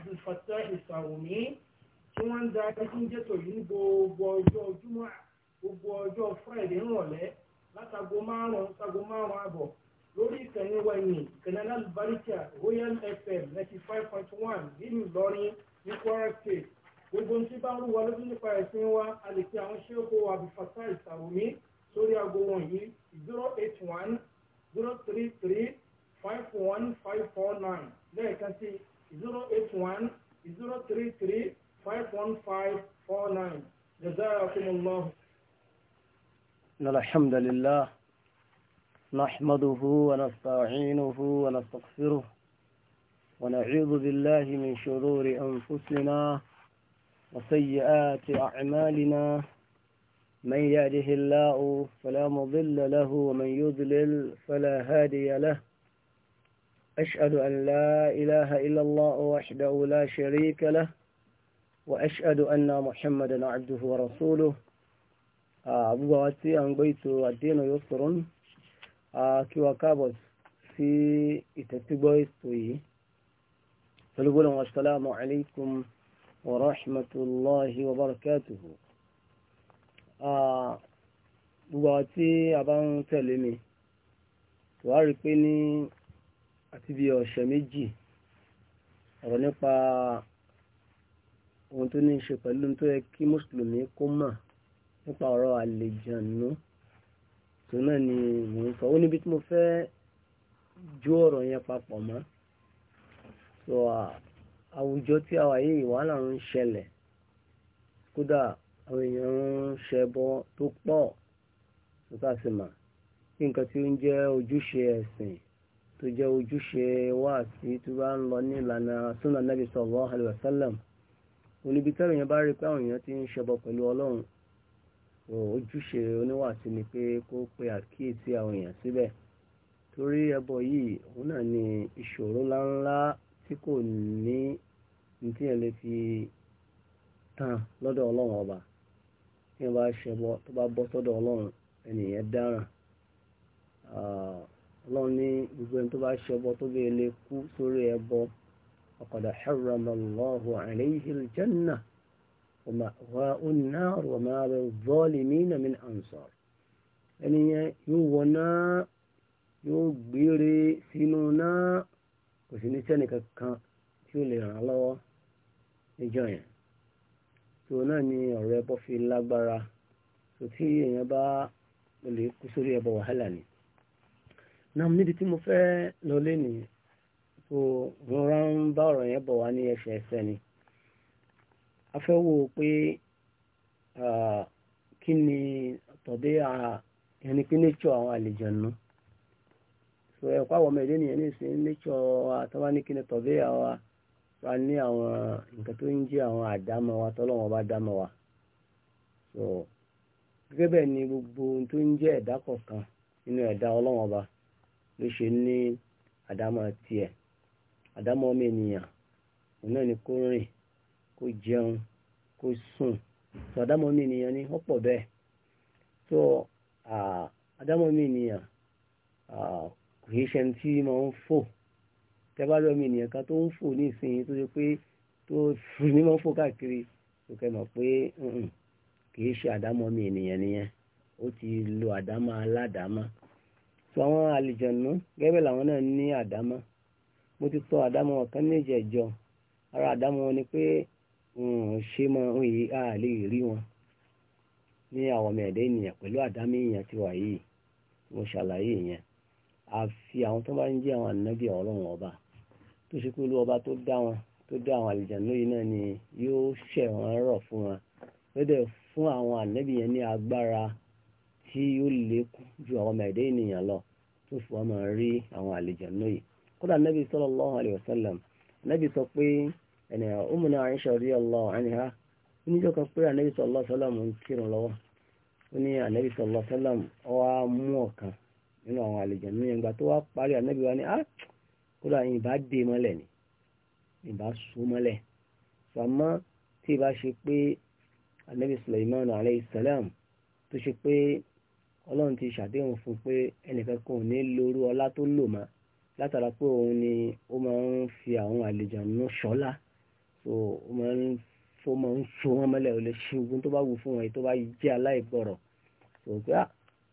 Abdulfatah Ìsàwùmí tí wọ́n ń da ẹkún jẹ́tò yìí ní gbogbo ọjọ́ ojúmọ́ gbogbo ọjọ́ Friday ńrọ̀lẹ́ látago márùn-ún sago márùn-ún àbọ̀ lórí ìkànnì wẹ̀yìn kanada barika Royal FM ninety five point one nílùú Ìlọrin ní Kwara State gbogbo ní tí bá ń wọlé fún nípa ẹ̀sìn wa a lè pe àwọn ṣéèkó Abdulfatah Ìsàwùmí sórí aago wọ̀nyí zero eight one zero three three five one five four nine lẹ́ẹ̀kan sí i. 081 033 51549 جزاكم الله إن الحمد لله نحمده ونستعينه ونستغفره ونعوذ بالله من شرور أنفسنا وسيئات أعمالنا من يهده الله فلا مضل له ومن يضلل فلا هادي له أشهد أن لا إله إلا الله وحده لا شريك له وأشهد أن محمدا عبده ورسوله أبو غواتي أن بيت الدين يسر كي وكابت في إتتبويت فلقول والسلام عليكم ورحمة الله وبركاته أبو غواتي أبان تلمي وعرفني àti bí ọ̀sẹ̀ méjì ọ̀rọ̀ nípa ohun tó ní ṣe pẹ̀lú tó yẹ kí mùsùlùmí kó mọ̀ nípa ọ̀rọ̀ àlejànú tó náà ni mò ń sọ ó níbi tí mo fẹ́ jó ọ̀rọ̀ yẹn papọ̀ mọ́ so àwùjọ tí a wà yìí wàhálà ń ṣẹlẹ̀ kódà àwọn èèyàn ń ṣẹbọ tó pọ̀ tó ká sì mà kí nǹkan tí ó ń jẹ́ ojúṣe ẹ̀sìn tó jẹ́ ojúṣe wá sí tó bá ń lọ ní ìlànà súnà nàbì sallallahu alaihi wasallam yẹn bá rí pé àwọn èèyàn ti ń ṣẹbọ pẹ̀lú ọlọ́run ojúṣe oníwàásí ni pé kó pe àkíyèsí àwọn èèyàn torí ẹbọ yìí òun náà ni ìṣòro tí kò ní ní lè fi lọ́dọ̀ ọlọ́run ọba tí bá ṣẹbọ tó bá bọ́ sọ́dọ̀ ọlọ́run ẹnìyẹn ọlọ́run ní gbogbo ẹni tó bá ṣe ẹbọ tó bẹ́ẹ̀ lè kú sórí ẹbọ faqad harrama Allahu alayhi al-janna wa ma'wahu an-nar wa ma lil-zalimina min ansar ẹni yẹn yóò wọ náà yóò gbére sínú náà kò sí ní sẹ́nì kankan tí ó lè ràn lọ́wọ́ níjọ́ yẹn tó náà ni ọ̀rọ̀ ẹbọ fi lágbára tó tí èèyàn bá lè kú sórí ẹbọ wàhálà ni. na níbi tí mo fẹ́ lọ nìyẹn tó rọra ń bá ọ̀rọ̀ yẹn bọ̀ wá ní ni a fẹ́ wo pé kí ni tọ̀dé ẹni pé nature àwọn àlejò so ẹ̀kọ́ àwọn ọmọ ẹ̀dẹ́ nìyẹn ní ìsìn nature àtọ́wá ní kí ni tọ̀dé àwa wa ní àwọn nǹkan tó ń jẹ́ àwọn wa so gẹ́gẹ́ bẹ́ẹ̀ ni gbogbo ohun tó ń jẹ́ ẹ̀dá kọ̀ọ̀kan ẹ̀dá ló ṣe ní àdámọ́ tiẹ̀ àdámọ́ ọmọ ènìyàn òun náà ni kó rìn kó jẹun kó sùn tó àdámọ́ ọmọ ènìyàn ni wọ́n pọ̀ bẹ́ẹ̀ tó àdámọ́ ọmọ ènìyàn kò ṣe tí máa ń fò tẹ́bá ènìyàn kan tó ń fò ní ìsinyìí tó ṣe pé tó fún ní máa ń fò káàkiri tó pé kì ti lo àdámọ́ aládàámọ́. so àwọn àlìjànú gẹ́gẹ́ làwọn náà ní àdámọ́ mo ti sọ àdámọ́ kan ní ara àdámọ́ wọn ni pé ṣe máa ń yí a lè rí wọn ní àwọn ọmọ ènìyàn pẹ̀lú àdámọ́ èèyàn ti wà yìí mo ṣàlàyé ìyẹn àfi àwọn tó bá ń jẹ́ àwọn ànábì ọlọ́run ọba tó ṣe ọba tó dá wọn tó dá àwọn yìí náà ni yóò ṣẹ̀ ju àwọn ọmọ lọ tó fi wá máa rí àwọn àlùjànnú yìí kódà nabi sallallahu alayhi wa sallam nabi sọ pé ẹni ọmọnà Aisha radiyallahu anha oníjọ́ kan pé anabi sallallahu alayhi wa sallam ń kírun lọ́wọ́ ó ní anabi sallallahu alayhi wa sallam ó wá mú nínú àwọn àlùjànnú yẹn gbà tó wá parí anabi wa ni ah kódà ìbá dé mọ́lẹ̀ ni ìbá sú mọ́lẹ̀ sàmọ́ tí ìbá ṣe pé anabi Sulaiman alayhi salam tó ṣe pé ọlọ́run ti ṣàdéhùn fún pé ẹnìkan kan ò ní lóru ọlá tó lò mọ́ látara pé òun ni ó máa ń fi àwọn àlejànú ṣọ́lá so ó máa ń fó máa ń so wọn mọ́lẹ̀ ò lè ṣe ogun tó bá wù fún wọn èyí tó bá jẹ́ aláìgbọ̀rọ̀ so pé à ah,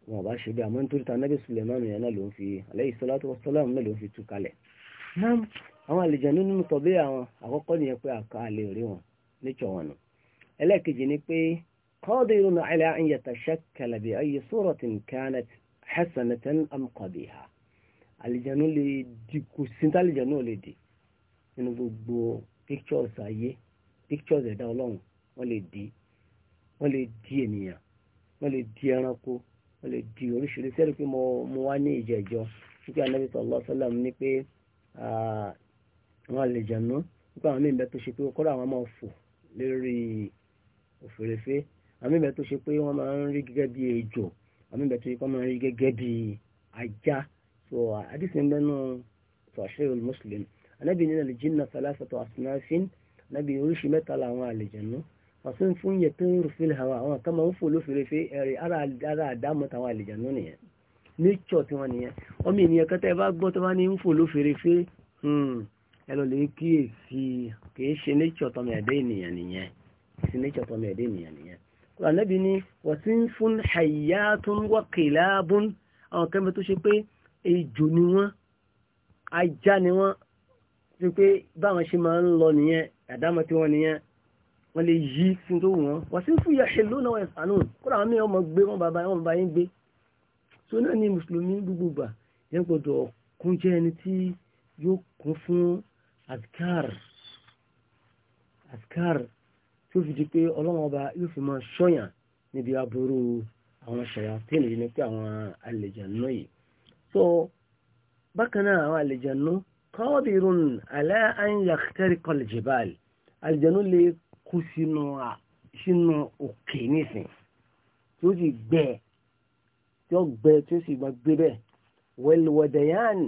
wọn ò bá ṣe bí àmọ́ nítorí tàn nábì Suleiman yẹn náà ló ń fi alayhi salatu wassalam náà ló ń fi tú kalẹ̀ náà àwọn àlejànú nínú tọ́bí àwọn àkọ́kọ́ nìyẹn pé àká lè wọn níjọ wọn nù ẹlẹ́ẹ̀kejì ni pé قادر على أن يتشكل بأي صورة كانت حسنة أم قبيحة àlìjẹnú lè di kò sí tálìjẹnú ò lè di nínú gbogbo pictures ayé pictures ẹ̀dá ọlọ́run wọ́n lè di wọ́n lè di ènìyàn wọ́n lè di ẹranko wọ́n lè di oríṣiríṣi ẹ̀rí pé mo wá ní ìjẹ̀jọ́ wípé anábì sallallahu alaihi wasallam ní pé àwọn àlìjẹnú wípé àwọn míì bẹ́ẹ̀ tó ṣe pé kọ́ra àwọn máa fò lérí òfèrèfé àmì ìbẹ̀ tó ṣe pé wọ́n máa ń rí gẹ́gẹ́ bí ejò àmì ìbẹ̀ tó ṣe pé wọ́n máa ń rí gẹ́gẹ́ bí ajá so àdìsí ń bẹ́nu muslim anábì nínú àlìjínà sàlásàtọ̀ àsìnáfín anábì oríṣi mẹ́ta làwọn àlìjẹ̀nu fàṣún fún yẹ tó ń rufin hàwa àwọn kan máa ń fò lófèrèfé ẹ̀rì ara àdámọ́ tàwọn àlìjẹ̀nu nìyẹn nature tí wọ́n nìyẹn ọmọ ènìyàn kẹta ẹ bá gbọ́ tó bá ní ń fò lófèrèfé hmm, ẹ lọ lè kíyèsí kì í ṣe nature ṣe nature tọmọ ẹ̀dẹ́ ènìyàn nìyẹn ànábì ni wasinfun hayyatun wa kilabun àwọn kẹ́mi tó ṣe pé ejò ni wọ́n ajá ni wọ́n ti pé báwọn ṣe máa ń lọ nìyẹn àdámọ́ tí wọ́n nìyẹn wọ́n lè yí sí tó wù wọ́n wasinfun yahilluna wa yas'alun kódà àwọn mìíràn ọmọ gbé wọn bàbá wọn bàbá yín gbé so náà ni mùsùlùmí gbogbo gbà yẹn gbọdọ̀ kún jẹ́ ẹni tí yóò kún fún azkar azkar tó fi di pé ọlọ́run ọba yóò fi máa ṣọ́yàn níbi aburú àwọn ṣàyàtìnì yìí ni pé àwọn àlejànú yìí so bákan náà àwọn àlejànú qadirun ala an yahtariqa al-jibal àlejànú lè kú sínú sínú òkè nísìn tí ó sì gbẹ tí ó gbẹ tí ó sì máa gbé bẹ́ẹ̀ wal-wadayan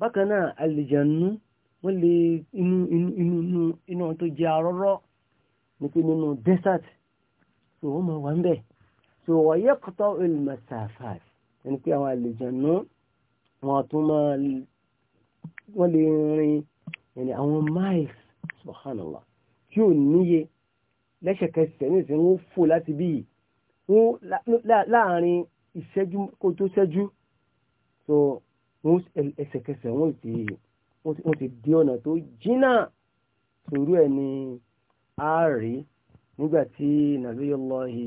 bákan náà àlejànú wọ́n lè inú inú inú inú tó jẹ́ arọ́rọ́ ní pé nínú desert so wọ́n máa wà ń bẹ̀ so wọ́n yẹ kọ́tọ́ al-masafat ẹni pé àwọn àlejànú wọn tún máa wọ́n lè rin ẹni àwọn miles subhanallah tí ò níye lẹ́sẹ̀kẹsẹ̀ ní ìsìn wọ́n fò láti bí wọ́n láàrin ìṣẹ́jú kó tó ṣẹ́jú so wọ́n ẹsẹ̀kẹsẹ̀ wọ́n ti dí ọ̀nà tó jìnnà sòrú ẹ̀ ni á rí nígbà tí nabiyullahi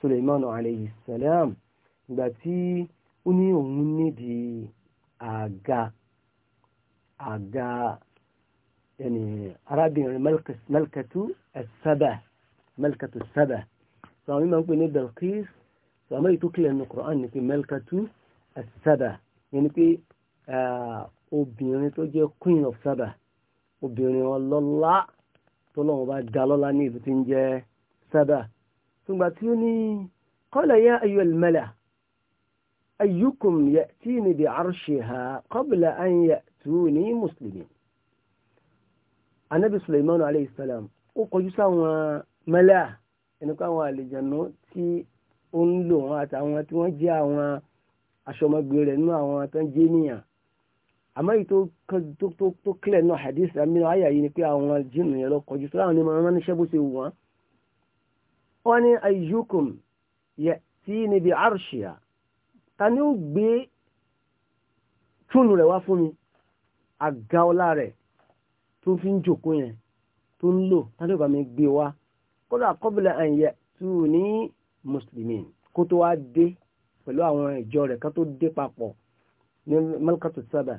suleimanu alayhi salam nígbà tí ó ní òun nídìí àga àga ẹni arábìnrin malkatu as-saba malkatu as-saba sọ̀rọ̀ mímọ̀ ń pè ní Balqis sọ̀rọ̀ mọ́ ìtókìlẹ̀ ní Qur'an ní pé malkatu as yẹni pé ah, obìnrin tó jẹ́ queen of saba obìnrin ọlọ́lá tó lọ́wọ́ bá dá lọ́lá ní ìlú tí ń jẹ́ Saba ṣùgbọ́n tí ó ní qala ya ayyuhal mala ayyukum ya'tini bi arshiha qabla an ya'tuni muslimin anabi suleiman alayhi salam ó kọjú sáwọn mẹ́lá ẹnukọ àwọn àlejànú tí ó ń lò wọn àtàwọn tí wọ́n jẹ́ àwọn aṣọmọgbé rẹ̀ nínú àwọn tó ń jẹ́ níyàn àmọ́ èyí tó kílẹ̀ náà hadith amínú ayà yìí ni pé àwọn jíìnù yẹn lọ kọjú tó láwọn ní máa ń ṣẹ́ bó ṣe wù wọ́n. wọ́n ní ayyukum ya'ti níbi arshiya ta ni ó gbé túnú rẹ̀ wá fún mi àga ọlá rẹ̀ tó fi ń jòkó yẹn tó ń lò ta ni ó bá mi gbé wá kódà qabla an ya'tuni muslimin kó tó wá dé pẹ̀lú àwọn ìjọ rẹ̀ kan tó dé papọ̀ ní malkatu sábà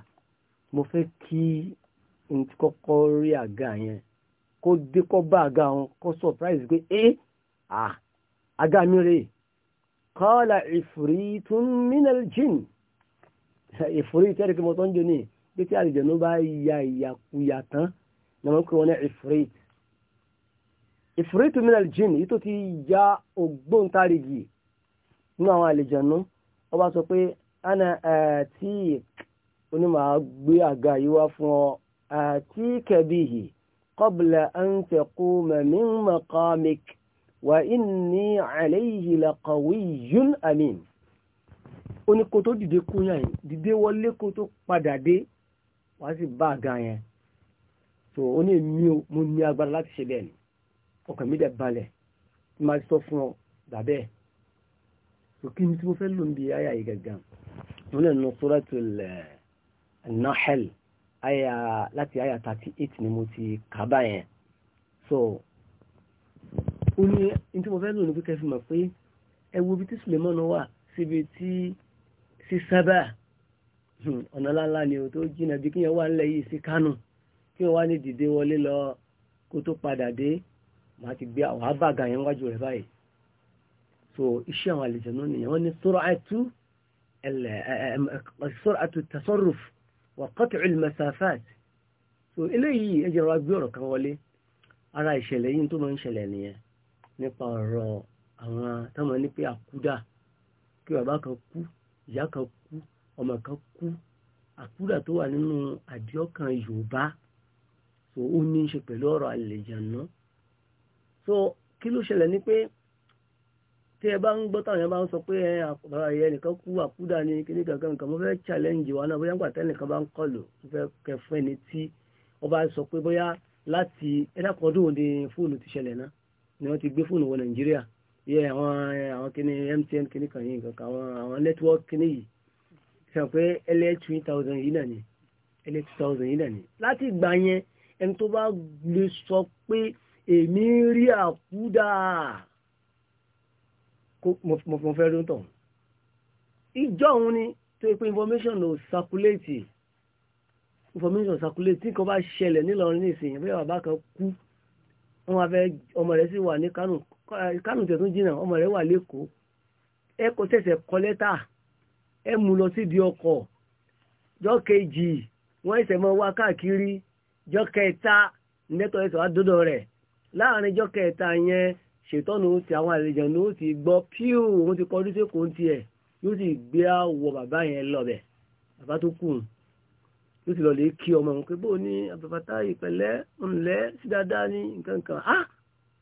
mo fẹ́ kí n ti kọ́kọ́ rí àga yẹn kó dé kọ́ bá àga wọn kó surprise pé ẹ́ eh, à àga mi rèé qala ifritun minal jinn ìfòrí tí ẹ̀rìkì mọ́tọ́ ń jò ní bí tí àlìjẹ̀nú bá ya ìyàkuyà tán ni wọ́n kí wọ́n ní ìfòrí ìfòrí tó mìíràn jìn yìí tó ti ya ògbóǹtarìgì nínú àwọn àlìjẹ̀nú ó bá sọ pé ana atik ó ní màá gbé àga yìí wá fún ọ àti kẹbíhì qabla an taquma min maqamik wa inni alayhi laqawiyyun amin ó ní kó tó dìde kú yàn yìí dìde wọlé kó tó padà dé wàá sì bá àga yẹn so ó ní mi mo ní agbára láti ṣe bẹ́ẹ̀ ni ọkàn mi dẹ̀ balẹ̀ tí máa sọ fún ọ dàbẹ́ òkè mi tí mo fẹ́ lò ń ayà yìí gàgàn òun náà nù suratul nahel aya láti aya 38 ni mo ti kàbá yẹn so ó ní ní tí mo fẹ́ lò ní pípẹ́ fi mọ̀ pé ẹ wo ibi tí sulemanu wà síbi tí sí sábà hmm, ọ̀nà láńlá ni o tó jìnà bí kíyàn wà nílẹ̀ yìí sí kánò kí wọ́n wá ní dìde wọlé lọ kó tó padà dé màá ti gbé àwọn abága yẹn wájú rẹ̀ báyìí so iṣẹ́ àwọn àlejò náà nìyẹn wọ́n ní sọ́rọ̀ àìtú ẹ̀lẹ̀ sọ́rọ̀ àìtú tasọ́rùfù وقطع المسافات، al-masafat so eléyìí ẹ jẹ́ wá gbé ọ̀rọ̀ kan wọlé ara ìṣẹ̀lẹ̀ yìí tó máa ń ṣẹlẹ̀ nìyẹn nípa ọ̀rọ̀ àwọn táwọn ní pé àkúdà kí bàbá kan kú ìyá kan kú ọmọ kan kú àkúdà tó wà nínú àdìọ́kàn Yorùbá so ó ní ṣe pẹ̀lú ọ̀rọ̀ àlejànà so kí ló ṣẹlẹ̀ ni pé tí ẹ bá ń gbọ́ táwọn yẹn bá ń sọ pé ẹ̀yẹ nìkan kú àkúdà ní kíní kankan nǹkan mo fẹ́ challenge wa náà bóyá ń pàtẹ́ nìkan bá ń kọlù mo fẹ́ kẹ fún ẹni tí wọ́n bá sọ pé bóyá láti ẹ̀dàkùn ọdún òde fóònù ti ṣẹlẹ̀ náà ni wọ́n ti gbé fóònù wọ Nàìjíríà yẹ àwọn àwọn kíní MTN kíní kan yìí kankan àwọn àwọn network kíní yìí fi hàn pé ẹlẹ́ three thousand yìí náà ni ẹlẹ́ two thousand yìí náà ni láti ìgbà yẹn ẹni mo fẹ́ rí tọ̀ ìjọ òun ni tó pé information ò circulate information circulate tí nǹkan bá ṣẹlẹ̀ nílọrin nísìnyí bóyá bàbá kan kú wọn wá fẹ́ ọmọ rẹ̀ sì wà ní Kánò Kánò tẹ̀tún jìnnà ọmọ rẹ̀ wà lẹ́kọ̀ọ́ ẹ kò ṣẹ̀ṣẹ̀ kọ lẹ́tà ẹ mú lọ sí di ọkọ̀ jọ kejì wọ́n ẹsẹ̀ mọ́ wá káàkiri jọ kẹta nẹ́tọ̀ ẹsẹ̀ wá dọ́dọ̀ rẹ̀ láàrin jọ kẹta yẹn ṣètọ́nù ti àwọn àlejò ní ó ti gbọ́ píù òun ti kọjú sí kò ń tiẹ̀ yóò sì gbé àwọ̀ bàbá yẹn lọ́bẹ̀ bàbá tó kù yóò sì lọ́ọ́ lè kí ọmọ òun pé bó ní àbàbàtà ìpẹ̀lẹ́ ńlẹ́ sí dáadáa ní nǹkan kan ah! á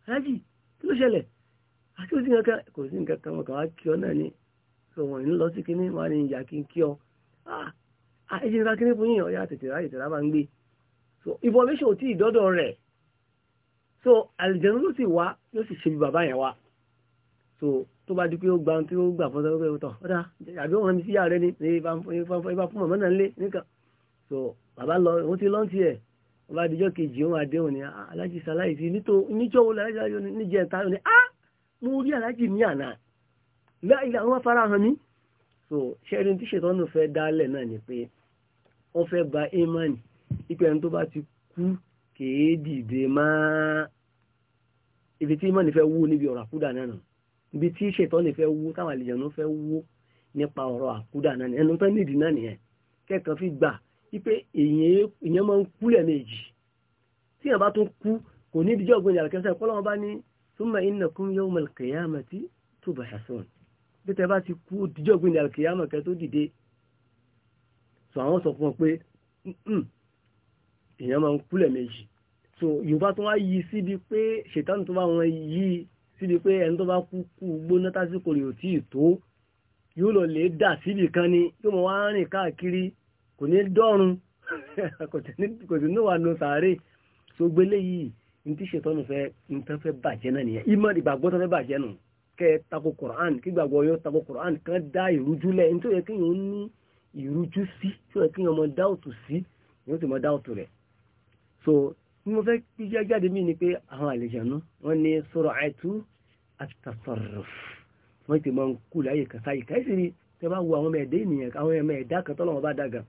rájì kí ló ṣẹlẹ̀ àti òsì nǹkan kò sí nǹkan kan kàn wá kí ọ náà ni òun ìlú lọ sí kínní wọn á ní ìyá kí n kí ọ á ah! ah, ẹ ṣe nǹkan kínní fún yìnyín ọ̀yà so information ò tí ì so àlìjẹ̀nu ló sì wá ló sì ṣe bí bàbá yẹn wá so tó bá di pé ó gba ohun tí ó gbà fọ́n sọ́wọ́ pé ó tọ̀ ọ̀dà àbí òun ti yára ẹni ìbá fún màmá náà lé nìkan so bàbá lọ òun ti lọ́ntì ẹ̀ wọ́n bá dijọ́ kejì òun àdéhùn ni ah, alájì sáláì sí níjọ́ wo alájì sáláì níjẹ́ ta ni ah mo rí alájì ní àná láìlà wọn fara hàn mí so ṣẹ́rin tí ṣètọ́nù fẹ́ dálẹ̀ náà ni pé wọ́n fẹ́ ba imani ipe ẹni tó bá ti kú kéé dìde máa ibi tí mọ́ni fẹ́ wú níbi ọ̀rọ̀ àkúdà náà nà ibi tí ṣètọ́ lè fẹ́ wú táwọn àlejànú fẹ́ wú nípa ọ̀rọ̀ àkúdà náà ni ẹnu tán nídìí náà nìyẹn kẹ́kọ̀ọ́ fi gbà wípé èèyàn máa ń kú lẹ́ẹ̀mejì tí èèyàn bá tún kú kò ní ìdíjọ́ ọ̀gbìn àlùkẹ́sẹ̀ kọ́lọ́wọ́n bá ní thumma innakum yawmal qiyamati tubhasun bí tẹ bá ti kú ìdíjọ́ ọ̀gbìn àlùkẹ́yàmọ̀ kẹ́ tó dìde sọ àwọn sọ so yorùbá tó wá yí síbi pé ṣètàn tó bá wọn yí síbi pé ẹni tó bá kú kú gbóná tásìkò rẹ̀ ò tí ì tó yóò lọ lè dà síbi kan ni yóò mọ wá rìn káàkiri kò ní dọ́run kò sí níwà nu sàárè so gbélé yìí ní tí ṣètàn fẹ́ ní tán bàjẹ́ náà nìyẹn ìmọ̀ ìgbàgbọ́ tán fẹ́ bàjẹ́ nù kẹ́ tako Qur'an kí gbàgbọ́ yóò tako Qur'an kan dá ìrújú lẹ̀ nítorí kí yóò ní ìrújú sí tí yẹ kí yóò mọ dáòtù sí yóò sì mọ dáòtù rẹ̀ so mo fẹ́ jíjẹ́ jáde mí ni pé àwọn àlejànú wọ́n ní sọ̀rọ̀ àìtú àti tasarruf wọ́n ti máa ń kú láyé kàtà ìka ẹ̀sìn ni tẹ bá wo àwọn ọmọ ẹ̀dẹ́ ènìyàn àwọn ọmọ ẹ̀dá kan tọ́lọ́wọ́n bá dàgà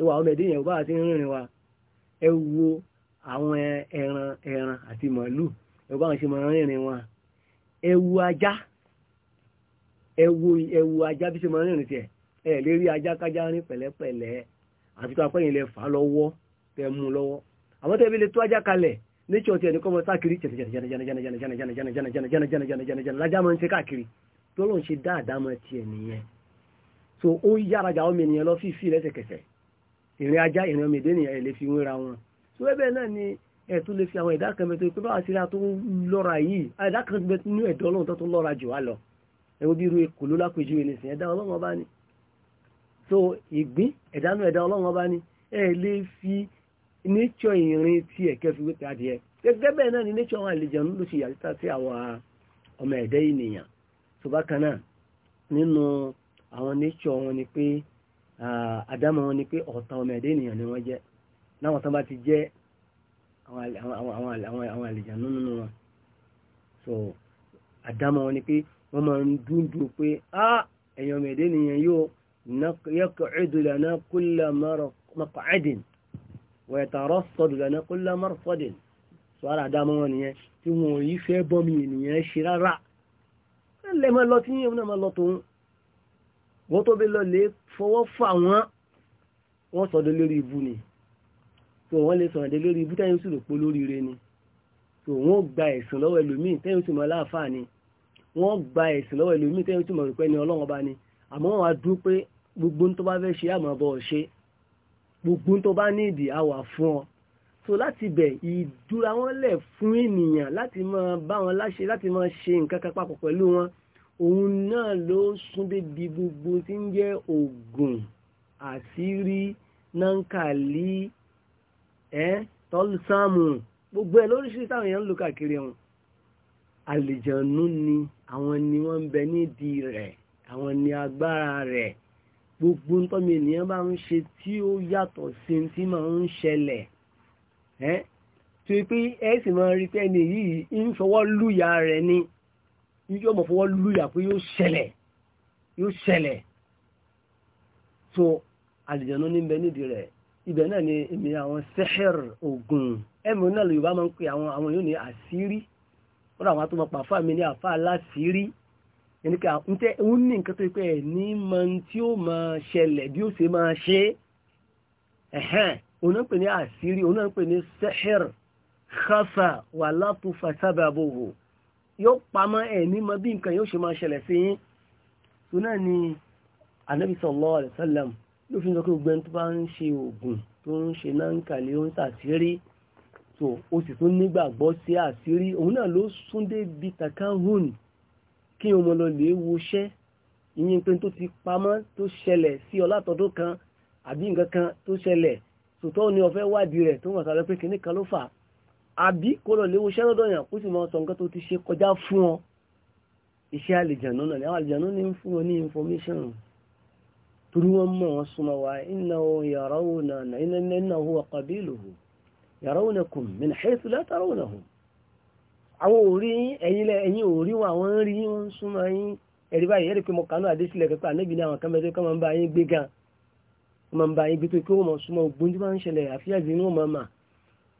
ìwà àwọn ọmọ ẹ̀dẹ́ ènìyàn bá ti rìnrìn wa ẹ wo àwọn ẹran ẹran àti màálù ẹ wo báwọn ṣe máa rìnrìn wa ẹ wo ajá ẹ wo ẹ wo ajá bí ṣe máa rìnrìn tiẹ̀ ẹ lè rí ajá kájá rìn pẹ̀lẹ́pẹ̀lẹ́ àti tó apẹ́yìn lẹ fà lọ́wọ́ tẹ mú lọ́wọ́ àwọn tẹ́bí lè tó ajá kalẹ̀ níṣẹ́ ọ̀tí ẹni kọ́mọ sákiri lájámọ́ ń ṣe káàkiri tó lóun ṣe dáadámọ́ ti ẹ̀nìyẹn so ó yára jà ọmọ ènìyàn lọ fífi lẹ́sẹ̀kẹsẹ̀ ìrìn ajá ìrìn ọmọ èdè nìyẹn ẹ̀ lè ni ẹ̀ tún lè fi àwọn ẹ̀dá kan mẹ́tọ́ pé báwa síra tó lọ́ra yìí ẹ̀dá kan mẹ́tọ́ nínú ẹ̀dọ́ ọlọ́run tó tún lọ́ra jù wá lọ ẹ̀wọ́ bí irú ekòló lápèjúwe nìsín ẹ̀dá ọlọ́run ni so ìgbín ẹ̀dá nù ẹ̀dá ọlọ́run ọba ni ẹ̀ lè nature ìrìn tí ẹ̀kẹ́ fi wípé adìẹ gẹ́gẹ́ bẹ́ẹ̀ náà ni nature àwọn àlejànú ló ṣe yàtọ̀ sí àwa ọmọ ẹ̀dẹ́ ènìyàn tó bá kan náà nínú àwọn nature wọn ni pé àdámọ̀ wọn ni pé ọ̀tá ọmọ ẹ̀dẹ́ ènìyàn ni wọ́n jẹ́ láwọn tán bá ti jẹ́ àwọn àlejànú nínú wọn so àdámọ̀ wọn ni pé wọ́n máa ń dúndùn pé ah ẹ̀yàn ọmọ ẹ̀dẹ́ ènìyàn yóò yẹ́kọ̀ọ́ ìdùlẹ̀ náà kúlẹ̀ mọ́kàádìn ويترصد لنا كل مرصد sọ́ra àdámọ́ wọn nìyẹn tí wọn ò yí fẹ́ bọ́mi ènìyàn ṣe rárá ẹlẹ́ máa lọ tí yíò náà máa lọ tòun wọ́n tó bí lọlé fọwọ́ fà wọ́n wọ́n sọ̀dọ̀ lórí ibu ni tó wọ́n lè sọ̀rọ̀ lórí ibu tẹ́yìn sì rò pé lóríire ni tó wọ́n gba ẹ̀sìn lọ́wọ́ ẹlòmíì tẹ́yìn sì mọ̀ aláàfáà ni wọ́n gba ẹ̀sìn lọ́wọ́ ẹlòmíì tẹ́yìn sì mọ̀ rò pé ni ọlọ́run bá ni àmọ́ wọn á dúró pé gbogbo ń tó bá fẹ́ ṣe àmọ́ bọ́ ṣe gbogbo tó bá ní ìdí a fún ọ so láti bẹ̀ ìdúra wọn lẹ̀ fún ènìyàn láti máa bá wọn láṣẹ láti máa ṣe nǹkan kan papọ̀ pẹ̀lú wọn òun náà ló sún débi gbogbo tí ń jẹ́ ògùn àṣírí nankali ẹ tọ́lùsáàmù gbogbo ẹ̀ lóríṣiríṣi táwọn èèyàn ń lò káàkiri ọ̀hún àlìjànú ni àwọn ni wọ́n ń bẹ nídìí rẹ̀ àwọn ni agbára rẹ̀ gbogbo ntọ́mi ènìyàn bá ń ṣe tí ó yàtọ̀ sí tí máa ń ṣẹlẹ̀ ẹ́ tí ó pé ẹ sì máa rí pé ẹni yìí ń fọwọ́ lùyà rẹ̀ ni yíyọ́ mọ̀ fọwọ́ lùyà pé yóò ṣẹlẹ̀ yóò ṣẹlẹ̀ so àlìjọ̀nà ní bẹ nídìí rẹ̀ ibẹ̀ náà ni èmi àwọn sẹ́hẹ̀r ogun ẹ̀mí náà Yorùbá máa ń pè àwọn àwọn yóò ní àṣírí wọ́n àwọn àtúmọ̀ pàfà mi ní àfà aláṣírí ẹnìkan ntẹ òun ní nǹkan tó yẹ pé ẹ ní mọ tí ó máa ṣẹlẹ̀ bí ó ṣe máa ṣe ẹ̀hẹ́n òun náà ń pè ní àṣírí òun náà ń pè ní sẹ́hẹ́r khafa wà látúfà sábàbòwò yóò pamọ́ ẹ̀ ní mọ bí nǹkan yóò ṣe máa ṣẹlẹ̀ sí yín òun náà ni anabi sallallahu alaihi wasallam ló fi ń sọ pé gbogbo ẹni tó bá ń ṣe oògùn tó ń ṣe náǹkàlẹ́ ó ń ṣàṣírí tó o sì tún nígbàgbọ́ sí àṣírí òun náà ló súndé kí ọmọ lọ lè woṣẹ́ ìyẹn pé tó ti pamọ́ tó ṣẹlẹ̀ sí ọlátọdún kan àbí nǹkan kan tó ṣẹlẹ̀ sòtọ́ ni ọ̀fẹ́ wádìí rẹ̀ tó wà sáré pé kìnnì kan ló fà àbí kó lọ lè lọ́dọ̀ yàn sọ nǹkan tó ti ṣe kọjá fún ọ iṣẹ́ àlejànú náà ni àwọn àlejànú ń fún ọ ní information torí wọ́n mọ̀ wọ́n súnmọ́ wa àwọn ò rí yín ẹ̀yin lẹ ẹ̀yin ò rí wọn àwọn ń rí yín wọ́n ń súnmọ́ yín ẹ̀rí báyìí ẹ̀rí pé mo kànú àdésílẹ̀ pípa níbi ní àwọn kẹ́mẹ́tẹ́ kọ́ máa ń bá yín gbé gan máa ń bá yín gbé tó kí wọ́n máa súnmọ́ ogun tí wọ́n ń ṣẹlẹ̀ àfíà ìbínú wọn máa mà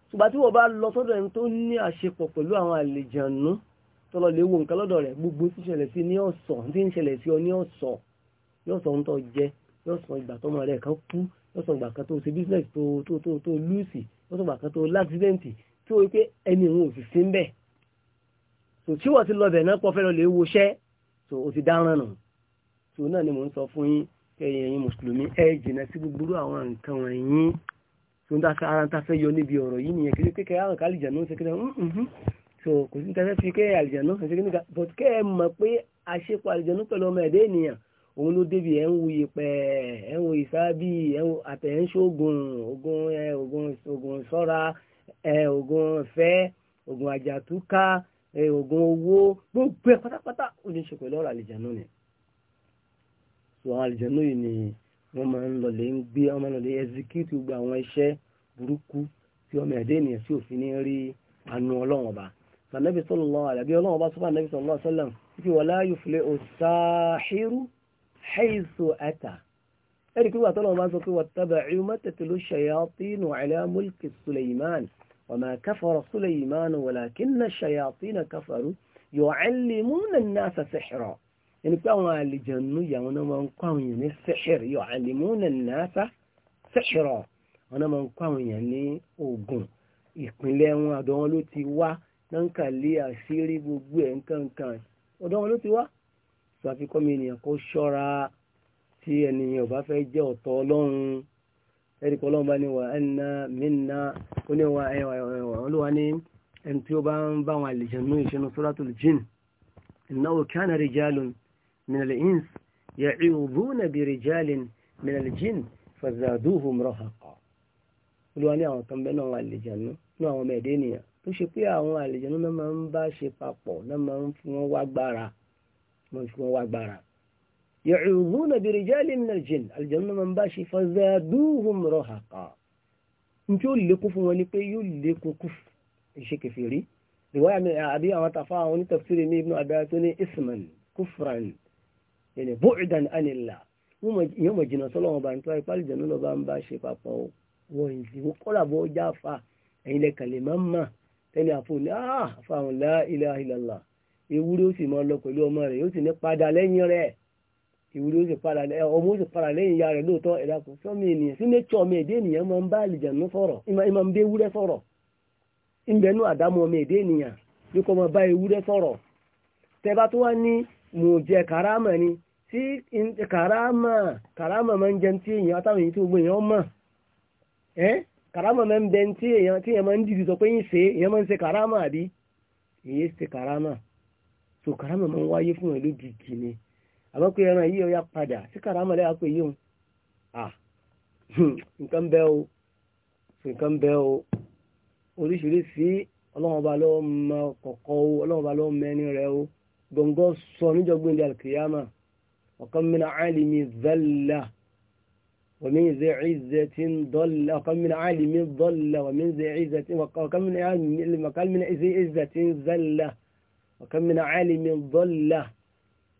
ṣùgbọ́n tí wọ́n bá lọ sọ́dọ̀ ẹni tó ní àṣepọ̀ pẹ̀lú àwọn àlejànú tọ́lọ lè wo nǹkan lọ́dọ̀ rẹ̀ gbogbo tí ṣẹlẹ̀ sí ní ọ̀sọ̀ so tí wọ́n ti lọ bẹ̀ náà pọ́fẹ́ lọ lè woṣẹ́ so o ti dáràn nù so náà ni mò ń sọ fún yín ẹ̀yin ẹ̀yin mùsùlùmí ẹ jìnà sí gbogbo àwọn nǹkan wọ̀nyí tó ń dáṣe ara ń tafẹ́ yọ níbi ọ̀rọ̀ yìí nìyẹn kiri kékeré àwọn kan àlìjànú ṣe kékeré so kò sí tafẹ́ fi kékeré àlìjànú ṣe kékeré níka but kẹ́ ẹ mọ̀ pé àṣepọ̀ àlìjànú pẹ̀lú ọmọ ẹ̀dá ènìyàn òun ló débi ẹ̀ ń wo iyepẹ̀ ẹ̀ ń wo ìsábì ẹ̀ ń àtẹ̀ ẹ̀ ń ṣoògùn ògùn ẹ̀ ògùn ògùn sọ́ra ẹ̀ ògùn ìfẹ́ ògùn àjàtúkà oògùn owó gbogbo ẹ̀ pátápátá ó ní ṣe pẹ̀lú ọ̀rọ̀ àlìjànú ni so àwọn àlìjànú yìí ni wọ́n máa ń lọlé ń gbé wọ́n máa ń lọlé ẹzikíìtì gbogbo àwọn iṣẹ́ burúkú tí ọmọ ẹ̀dẹ́ ènìyàn sí òfin ní rí anú ọlọ́wọ́n ọba sànẹ́bí sallallahu alaihi ọlọ́wọ́n ọba sọ́bà nẹ́bí sallallahu alaihi wasallam títí wala yuflihu as-sahiru haythu ata ẹ̀rí pé wàtọ́lọ́wọ́n bá sọ pé wattaba'u ma tatlu ash-shayatinu ala mulki وما كفر سليمان ولكن الشياطين كفروا يعلمون الناس سحرا يعني كانوا الجنة يونا من قوم السحر يعلمون الناس سحرا أنا من قوم يعني أوغون ìpínlẹ̀ wọn àdọ́ wọn ló ti wá náǹkà lé àṣírí gbogbo ẹ̀ nǹkankan ọ̀dọ́ wọn ló ti wá sọ àfikọ́ mi ènìyàn kó ṣọ́ra tí ènìyàn ò bá fẹ́ jẹ́ ọ̀tọ̀ ọlọ́run ẹ̀rí pọ̀ lọ́wọ́ bá ní wà ẹ̀nà mìíràn ó ní wà ẹ̀wà ẹ̀wà olúwa ní ẹni tí ó bá ń bá wọn àlìjẹ̀nú ìṣẹ́nu suratul jinn innahu kana rijalun minal ins ya'udhuna bi rijalin minal tó ṣe pé àwọn àlìjẹ̀nú náà máa ń bá ṣe papọ̀ náà ń fi wọn wá gbára يعوذون برجال من الجن الجن من باشي فزادوهم رهقا نتو لكف ونبي يلكف شيء كفيري رواية من أبي وتفاون تفاعل تفسير ابن أباتني اسما كفرا يعني بعدا عن الله يوم جنا صلوا الله عليه وسلم قال جنون بان باشي بابا وينزي وقال أبو جافا أين لك ما تني أفوني آه فاهم لا إله إلا الله يقول يوسي ما الله كل يوم رأي يوسي نقبع دالين ìwúrí ó sì para ọmọ ó sì para lẹ́yìn ìyá rẹ̀ lóòótọ́ ẹ̀dá kò sọ́mi ènìyàn sí nature ọmọ èdè ènìyàn máa ń bá àlìjànú sọ̀rọ̀ ìmọ̀ ń bẹ ewúrẹ́ sọ̀rọ̀ ìbẹ̀nú àdámọ́ ọmọ èdè ènìyàn ló kọ́ máa bá ewúrẹ́ sọ̀rọ̀ tẹ́bá tó wá ní mò jẹ kàrámà ni tí kàrámà kàrámà máa ń jẹ tí èèyàn àtàwọn èyí tó gbé èèyàn mọ̀ ẹ́ kàrámà máa ń bẹ tí èèyàn tí èèyàn máa ń so kàrámà máa ń wáyé fún àmọ́ pé ẹran yìí ọya padà sí kàràmọ́lẹ́ àpè yìí nǹkan bẹ́ o nǹkan bẹ́ o oríṣiríṣi ọlọ́run ọba ló mọ kọ̀kọ́ o ọlọ́run ọba ló mẹ́ni rẹ̀ o gbọ̀ngọ́ sọ níjọ́gbìn ní alkiyama ọ̀kan mìíràn alimi zalla wàmí zẹ́ ìzẹ́tín dọ́là ọ̀kan mìíràn alimi dọ́là wàmí zẹ́ ìzẹ́tín ọ̀kan mìíràn alimi zẹ́ dọ́là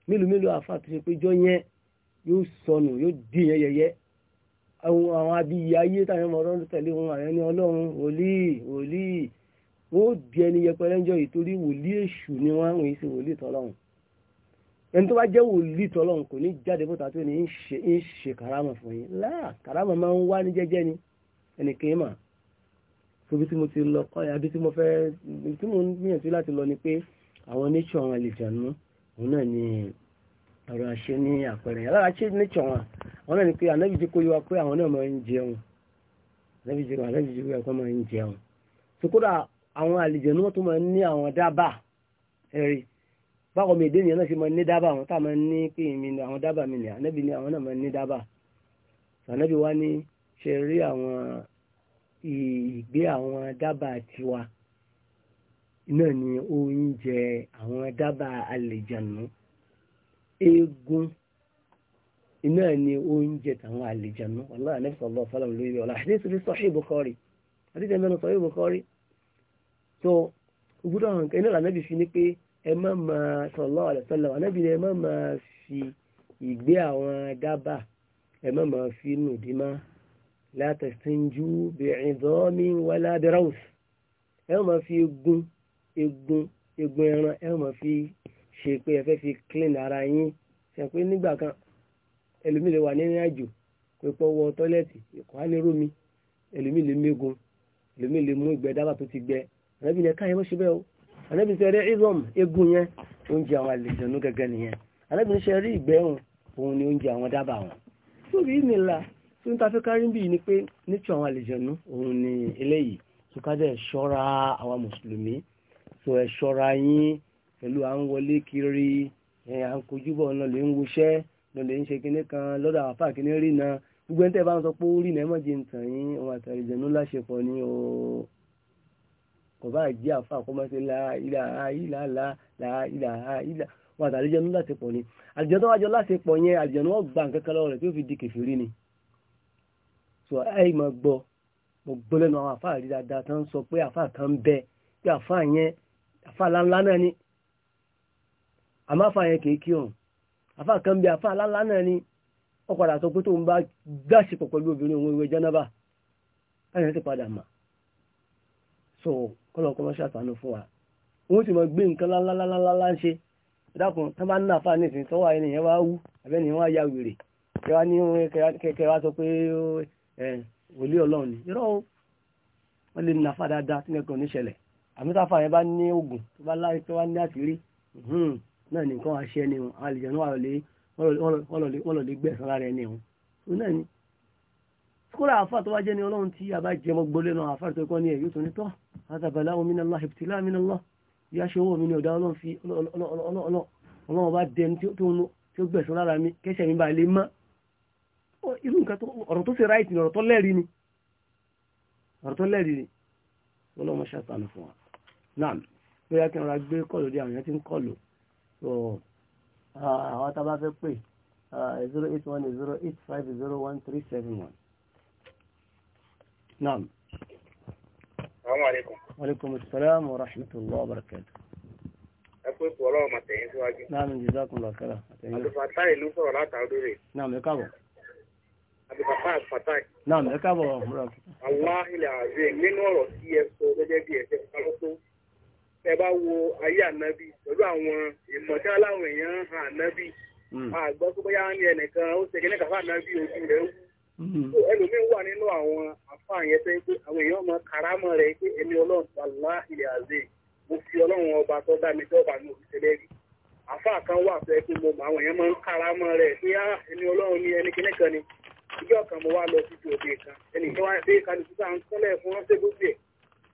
mélòó mélòó àfa tó ṣe pé jọ yẹn yóò sọnù yóò di yẹn yẹyẹ àwọn àwọn abiyì ayé táwọn ọmọ ọdún tẹ̀lé wọn àwọn ẹni ọlọ́run wòlíì wòlíì wọn ó di ẹni yẹpẹrẹ ń jọ ìtorí wòlíì èṣù ni wọn àwọn èsì wòlíì tọ́lọ́run ẹni tó bá jẹ́ wòlíì tọ́lọ́run kò ní jáde bóta tó ní ń ṣe ń ṣe kàrámà fún yín láà kàrámà máa ń wá ní jẹ́jẹ́ ni ẹnì kìí mà fúbi tí mo ti lọ kọ́ àbí tí mo fẹ́ tí mo ń gbìyànjú láti lọ ni pé àwọn oníṣòwò àwọn àlejò àná òun náà ni ọ̀rọ̀ àṣẹ ní àpẹẹrẹ yẹn lára ṣe níṣọ wọn àwọn náà ni pé ànábì ti kó yíwa pé àwọn náà máa ń jẹun ànábì ti ànábì ti kó yíwa pé máa ń jẹun sokoda àwọn àlejò ní wọn tó máa ń ní àwọn dábàá ẹrí báwo mi èdè nìyẹn náà ṣe máa ń ní dábàá àwọn táà máa ń ní pé mi ni àwọn dábàá mi ni ànábì ni àwọn náà máa ń ní dábàá ànábì wa ní ṣe rí àwọn ìgbé àwọn dábàá tiwa náà ni oúnjẹ àwọn dábàá àlejànú eégún iná ni oúnjẹ tàwọn àlejànú ọlá ànábì sallallahu alaihi wasallam lórí ọlá àdéhùn sí Sahih Bukhari àdéhùn mẹ́nu Sahih Bukhari tó gbúdọ̀ hàn kẹ́ iná lànàbì fi ní pé ẹ má máa sallallahu alaihi wasallam ànábì ni ẹ má máa fi ìgbé àwọn dábàá ẹ má máa fi nùdí má la tastinju bi'idhamin wala bi raws ẹ má máa fi gun egun egun ẹran ẹ mọ̀ fi ṣe pé ẹ fẹ́ fi clean ara yín ṣe pé nígbà kan ẹlòmíì lè wà nínú àjò pé pọ́ wọ tọ́lẹ́ẹ̀tì ìkọ́ á ní rómi ẹlòmíì lè mégun ẹlòmíì lè mú ìgbẹ́ dábàá tó ti gbẹ ànábì ní ẹ̀ka yẹn mọ̀ ṣe bẹ́ẹ̀ o ànábì ṣe rí ìrọ̀m egun yẹn oúnjẹ àwọn àlejànú gẹ́gẹ́ nìyẹn ànábì ṣe rí ìgbẹ́hùn òun ni oúnjẹ àwọn dábàá wọn. sórí ìnìlá tó ń ta fẹ́ kárí bíi ni pé nítorí àwọn àlejànú òun ni eléyìí tó ká dẹ̀ ṣọ́ra àwa mùsùlùmí so ẹ ṣọ́ra yín pẹ̀lú à ń wọlé kiri à ń kojú bọ̀ ọ̀nà lè ń wuṣẹ́ ọ̀nà lè ń ṣe kinní kan lọ́dọ̀ àwọn kinní rí na gbogbo ẹni tẹ́ bá ń sọ pé ó rí nàá mọ̀jì ń tàn yín òun àtàrí ìjẹ̀nu láṣepọ̀ ni o kò bá jẹ́ àfáà kó máa ṣe láìlà àìlà láìlà àìlà wọn àtàrí ìjẹ̀nu láṣepọ̀ ni àlìjẹ̀nu tó wájọ láṣepọ̀ yẹn àlìjẹ̀nu wọn gba nǹkan kan lọ́wọ́ rẹ̀ tí fi di kèfèrí ni so ẹ máa gbọ́ mo gbọ́ lẹ́nu àwọn àfáà rí dáadáa tó ń sọ pé àfáà kan bẹ pé àfáà yẹn afáàlá náà ni àmọ́ afá yẹn kìí ọ̀hún afá kan bí afá aláńlá náà ni ó padà sọ pé tóun bá gbàṣepọ̀ pẹ̀lú obìnrin òun ìwé jánábà ẹ̀yìn ti padà mà so kọ́lọ́kọ́ máa ṣàtàánú fún wa wọ́n sì máa gbé nǹkan lálálálálá ń ṣe dákun tó bá ń náà fà nísìn wá wú àbẹ́ ya wèrè kẹwa ní kẹkẹ wá sọ pé wòlíì ọlọ́run ni irọ́ wọn lè nà fà dáadáa tí àmì táfà yẹn bá ní oògùn tó bá láyé tó bá ní àṣírí náà ní nǹkan wá ṣe ẹni wọn àlejò náà wọ́n lọ lè gbẹ̀sán lára ẹni wọn tó náà ni kóra àfà tó wá jẹ́ ni ọlọ́run tí a bá jẹ mọ́ gbólé náà àfà tó kọ́ ní ẹ̀yọ́ tó ní tọ́ àtàbàlá minallah ibtila minallah bí a ṣe owó mi ní ọ̀dá ọlọ́run fi ọlọ́run bá dẹni tí ó gbẹ̀sán lára mi kẹ́sẹ̀ mi bá lè mọ́ irú nǹkan tó ọ̀rọ̀ tó ṣe ráìtì ni ọ̀rọ̀ tó lẹ́rìí ni ọ̀rọ̀ tó lẹ́rìí ni ọlọ́run ṣàtàlù fún wa náà bóyá kí n ra gbé kọ́ọ̀lù dé àwọn èèyàn ti ń kọ́ọ̀lù so àwọn tá a bá fẹ́ pè zero eight one zero eight five zero one three seven one. naam. salaamaleykum. aleykum salaam wa rahmatulah wa barakatu. ẹ pé kò ọlọ́run mà tẹ̀yìn síwájú. naam jazakumullah khairan. àdùfàtà ìlú sọ̀rọ̀ látàrí rè. naam ẹ káàbọ̀. àdùfàtà àdùfàtà. naam ẹ káàbọ̀. àwọn ilẹ̀ àzẹ nínú ọ̀rọ̀ tí gẹ́gẹ́ bí ẹ tẹ bá wo ayé ànábì pẹ̀lú àwọn ìmọ̀ tí wọ́n láwọn èèyàn hàn ànábì àgbọ̀ hmm. tó bóyá ní ẹnìkan ó ṣe kíní kàfá ànábì ojú rẹ̀ wú hmm. ẹlòmíín wà nínú àwọn àfáà yẹn pé àwọn èèyàn ọmọ karamọ rẹ pé èmi ọlọ́run wàlá ilẹ̀ àzẹ mo fi ọlọ́run ọba tó dá mi tó ọba mi òṣèlè rí àfáà kan wà pé kí mo mọ àwọn èèyàn máa ń karamọ rẹ pé ah, èmi ọlọ́run ní ẹni kíní kan ni ìjọ kan mo wá lọ sí ti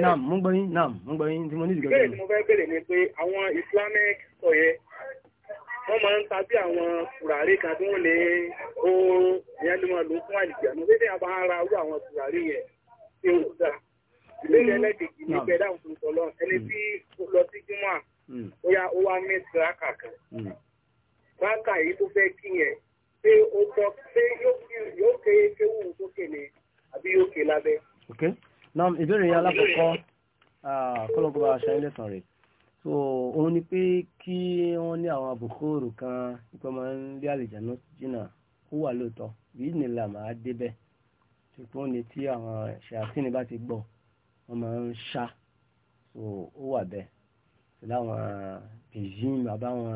naam mo ń gbọ́ yín naam mo ń yín tí mo ní ìdíkẹ́ bẹ́ẹ̀ mo fẹ́ bẹ̀rẹ̀ ni pé àwọn islamic ọ̀yẹ́ wọ́n máa ń ta bí àwọn fùràrí kan tí wọ́n lè ó ìyẹn ló máa lò fún àlìjẹ́ àmọ́ bí wọ́n bá ń ra owó àwọn fùràrí yẹn tí ó dà ìbéèrè mm, ẹlẹ́dẹ̀ẹ́dì ní bẹ́ẹ̀ dáhùn tó lọ ẹni mm. tí ó lọ sí júmọ́ à mm. ó yá ó wá mí tiraka kan tiraka yìí tó fẹ́ kí yẹn pé ó tọ́ pé yóò kéwù sókè ni àbí yóò ké lábẹ́ nam ìbéèrè yẹn alákọ̀ọ́kọ́ kọ́lọ́kọ́ ah, bá aṣọ ilé sàn rè so òun ni pé kí wọ́n ní àwọn àbùkóòrò kan nípa máa ń rí àlìjáná jìnnà ó wà lóòótọ́ bí ìnìlà máa débẹ̀ ṣùgbọ́n ní tí àwọn ṣàfihàn bá ti gbọ́ wọ́n máa ń ṣá so ó wà bẹ́ẹ̀ so láwọn beijing àbáwọn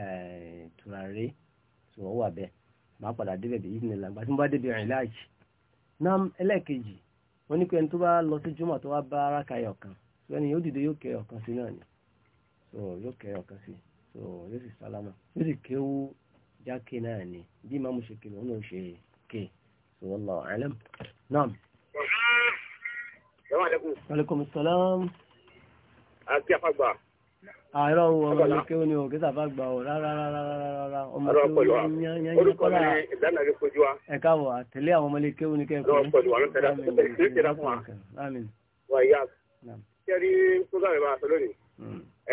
eh, tùràrí so ó wà bẹ́ẹ̀ máa padà débẹ̀ bí ìnìlà gbàtí mo bá débi rìn láàyè náà ẹlẹ́ẹ̀kejì wọ́n ní pé ẹni tó bá lọ sí jùmọ̀ tó wá bá ara ka ẹyọ kan lẹ́ni yóò dìde yóò kẹ ẹyọ kan sí náà ni so yóò kẹ ẹyọ kan sí so yóò sì sálámà yóò sì kéwú jákè náà ni bí ìmáàmù ṣe kéwú òun náà ké so wallahu alam naam. Assalamu alaikum. Wa alaikum assalam. àti àfagbà àárọ̀ ah, wo ọmọ ní kéwọ́n ni o kí sàfà gbà ọ rárá rárá rárá ọmọ tí ó ń yán yán yán kọ́lá ẹ káwọ̀ àtẹ̀lé àwọn ọmọ ní kéwọ́n ni kẹ́kọ̀ọ́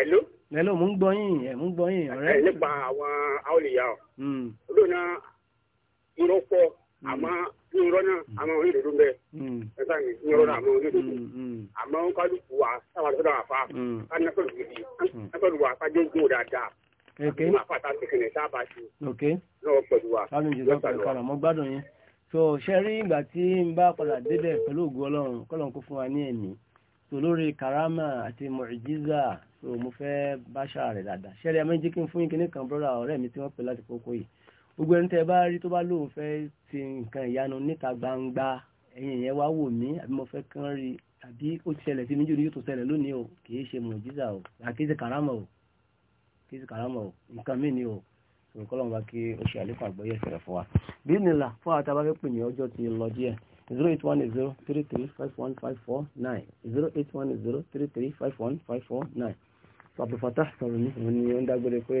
ẹ̀lú. ẹ̀lú mú ń gbọ́ yín ẹ̀ mú ń gbọ́ yín ọ̀rẹ́. nípa àwọn àwọn olùyà ọ̀. olóòna irọ́ pọ̀ àmọ́ yọrọ mm. mm. náà àmọ́ oyin dodo bẹ ẹsẹ mm, ni yọrọ náà àmọ́ oyin dodo àmọ́ kájú kù wa sábà tó dáa fa ká ní ẹfọdù gidi ẹfọdù wa ká jẹun gbòó dáadáa okay ní àpáta kékeré sábà ṣe okay lọ́wọ́ pẹ̀lú wa lọ́wọ́ pẹ̀lú wa. mo gbádùn yín so ṣe rí ìgbà tí n bá padà débẹ̀ pẹ̀lú ògùn ọlọ́run kọ́lọ́n kó fún wa ní ẹ̀mí so karama àti mọ̀jíza so mo fẹ́ báṣà rẹ̀ dáadáa ṣe rí amẹ́jíkín fún yín kíní kan brọ́dà ọ̀rẹ́ mi tí wọ́n pè láti kókó yìí gbogbo ẹni tẹ́ bá rí tó bá lóun fẹ́ ti nǹkan ìyanu níta gbangba ẹ̀yìn yẹn wá wò mí àbí mo fẹ́ kán rí àbí ó ti ṣẹlẹ̀ sí mi jù ní yóò tó ṣẹlẹ̀ lónìí o kì í ṣe mùjíza o àkíyèsí karama o kìí karama o nǹkan mí ni o ìrùkọ́lọ́n wa kí o ṣe àlékún àgbọ́yé ìṣẹ̀rẹ̀ fún wa bí nílà fún àwọn tàbá fẹ́ pè ní ọjọ́ ti lọ díẹ̀ zero eight one zero three three five one five four nine zero eight one zero three three five one five four nine Abdulfatah sọ̀rọ̀ ní ìròyìn ó ń dágbére pé.